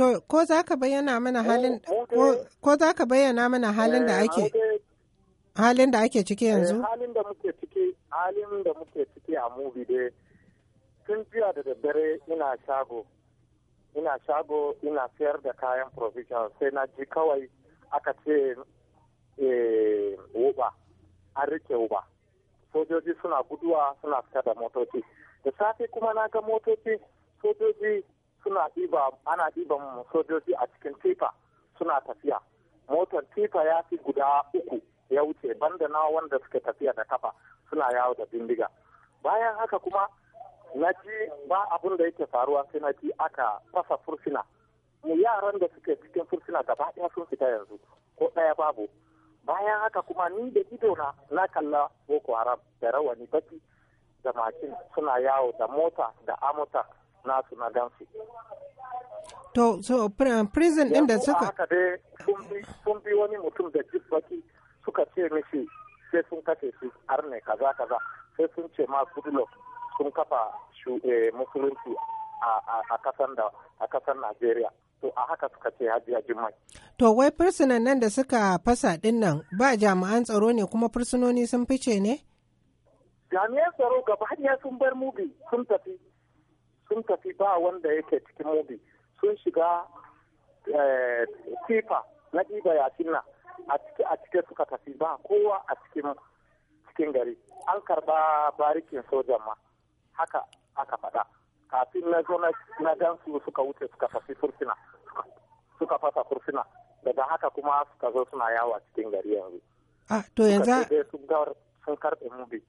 To ko za ka bayyana mana halin ko za ka bayyana mana halin da eh, ake halin da ake ciki eh, yanzu? Halin da muke ciki halin da muke ciki a movie dai tun jiya da daddare ina shago ina shago ina sayar da kayan provision sai na ji kawai aka ce eh, uba, an rike uba. sojoji suna guduwa suna fita da motoci da safe kuma na ga motoci sojoji suna ɗiba ana ɗiban sojoji a cikin tifa suna tafiya motar tifa ya fi guda uku ya wuce banda na wanda suke tafiya da kafa suna yawo da bindiga bayan haka kuma na ji ba abin da yake faruwa sai na ji aka fasa fursuna mu yaran da suke cikin fursuna gaba ɗaya sun fita yanzu ko ɗaya babu bayan haka kuma ni da na na kalla boko haram da rawani baki da makin suna yawo da mota da amota nasu na gansu to so uh, prison din da suka haka dai sun bi wani mutum da jibaki suka ce mishi sai sun kake su har ne kaza kaza sai sun ce ma kudulo sun kafa eh, musulunci a kasan da a kasan Najeriya to a haka suka ce Hajiya jimai. to wai fursunan nan da suka fasa din nan ba jami'an tsaro ne kuma fursunoni sun fice ne jami'an tsaro gaba sun bar mubi sun tafi sun tafi ba wanda yake cikin mobi sun shiga tifa eh, na ɗiba ya nan a cike suka tafi ba kowa a cikin cikin gari an karba barikin sojan ma haka aka faɗa kafin na zo na gansu suka wuce suka tafi furfina suka fasa fursuna daga haka kuma suka zo suna yawo a cikin gari yanzu. Ah, to yanzu sun karɓe mubi.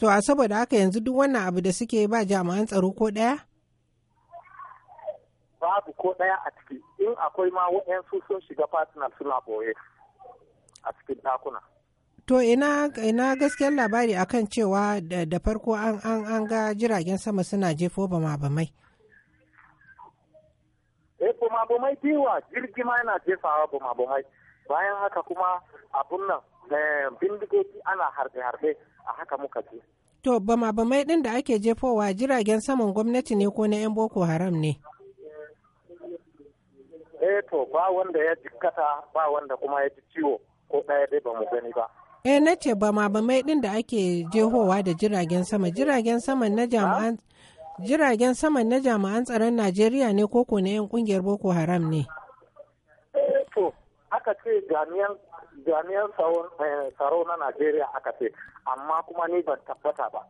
To a saboda haka yanzu duk wannan abu da suke ba jami'an tsaro ko ɗaya? Babu ko ɗaya a ciki in akwai ma waɗansu sun shiga fatina suna ɓoye a cikin dakuna. To ina ina gaskiyar labari akan cewa da farko an an an ga jiragen sama suna jefo bama bamai. Eh bama bamai biwa jirgi ma yana jefawa bama bamai bayan haka kuma abun nan eh, bindigogi ana harbe-harbe a haka muka je. To, bama-bamai ɗin da ake jefowa jiragen saman gwamnati ne ko na 'yan Boko Haram ne? Eh to, ba wanda ya jikata ba wanda kuma ya ji ciwo ko ɗaya dai ba mu gani ba. Eh na ce bama-bamai ɗin da ake jehowa da jiragen sama, jiragen sama na jami'an jiragen saman na jami'an tsaron Najeriya ne koko na 'yan kungiyar Boko Haram ne? Eh, to, aka ce jami'an jami'an eh, tsaro na najeriya aka ce amma kuma ni ban tabbata ba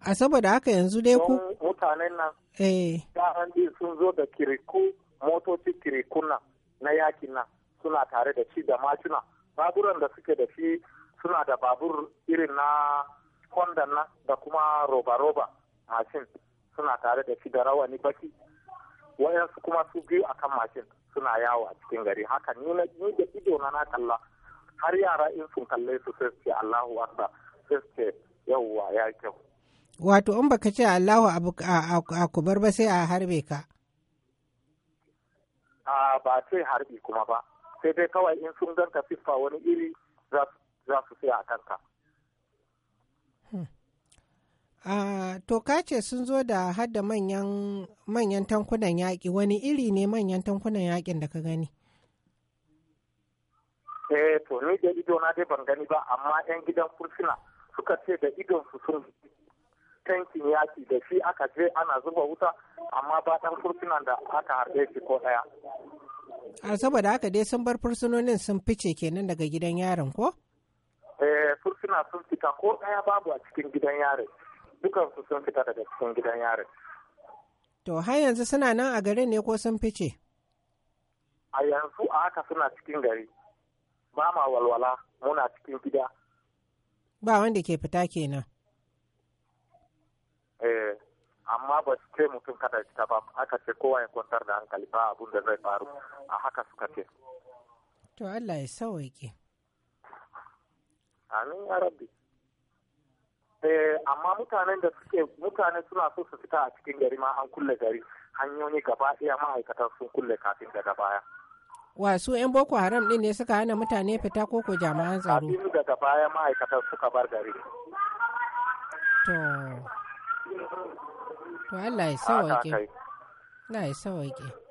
a saboda haka yanzu dai ku mutanen nan eh sun zo da kiriku motoci kirikuna na yakin nan suna tare da shi da macina baburan da suke da shi suna da babur irin na honda na da kuma roba-roba mashin suna tare da shi da rawani baki wayansu kuma su biyu akan mashin suna yawo a cikin gari haka ni na ni da ido na na kalla har yara in sun kalle su sai ce Allahu akbar sai ce yawwa ya kyau wato in baka ce Allahu abu a kubar ba sai a harbe ka a ba sai harbi kuma ba sai dai kawai in sun ganka siffa wani iri za su sai a kanka hmm. Uh, to kace sun zo da hada manyan tankunan yaƙi wani iri ne manyan tankunan yaƙin da ka gani? Eh to ne da ido na dai ban gani ba amma 'yan gidan fursuna suka ce da idon su sun tankin yaƙi da shi aka je ana zuba wuta amma ba ɗan fursunan da aka harbe shi ko ɗaya. A saboda haka dai sun bar fursunonin sun fice kenan daga gidan yaron ko? Eh fursuna sun fita ko ɗaya babu a cikin gidan yaron. dukansu sun fita daga cikin gidan yarin. To har yanzu suna nan a garin ne ko sun fice? A yanzu a haka suna cikin gari, ba ma walwala muna cikin gida. Ba wanda ke fita kenan. Eh, amma ba su ce mutum kada ta ba, aka ce kowa ya kwantar da hankali ba abun da zai faru, a haka suka ce. To Allah ya sawaike. Amin ya rabbi. Eh, amma mutanen da suke mutane suna so su fita a cikin gari ma an kulle gari hanyoyi gaba ɗaya ma'aikatan sun kulle kafin daga baya wa su 'yan boko haram din ne suka hana mutane fita ko ko jama'an tsaro kafin daga baya ma'aikatan suka bar gari to to Allah ya sawake Allah ya sawake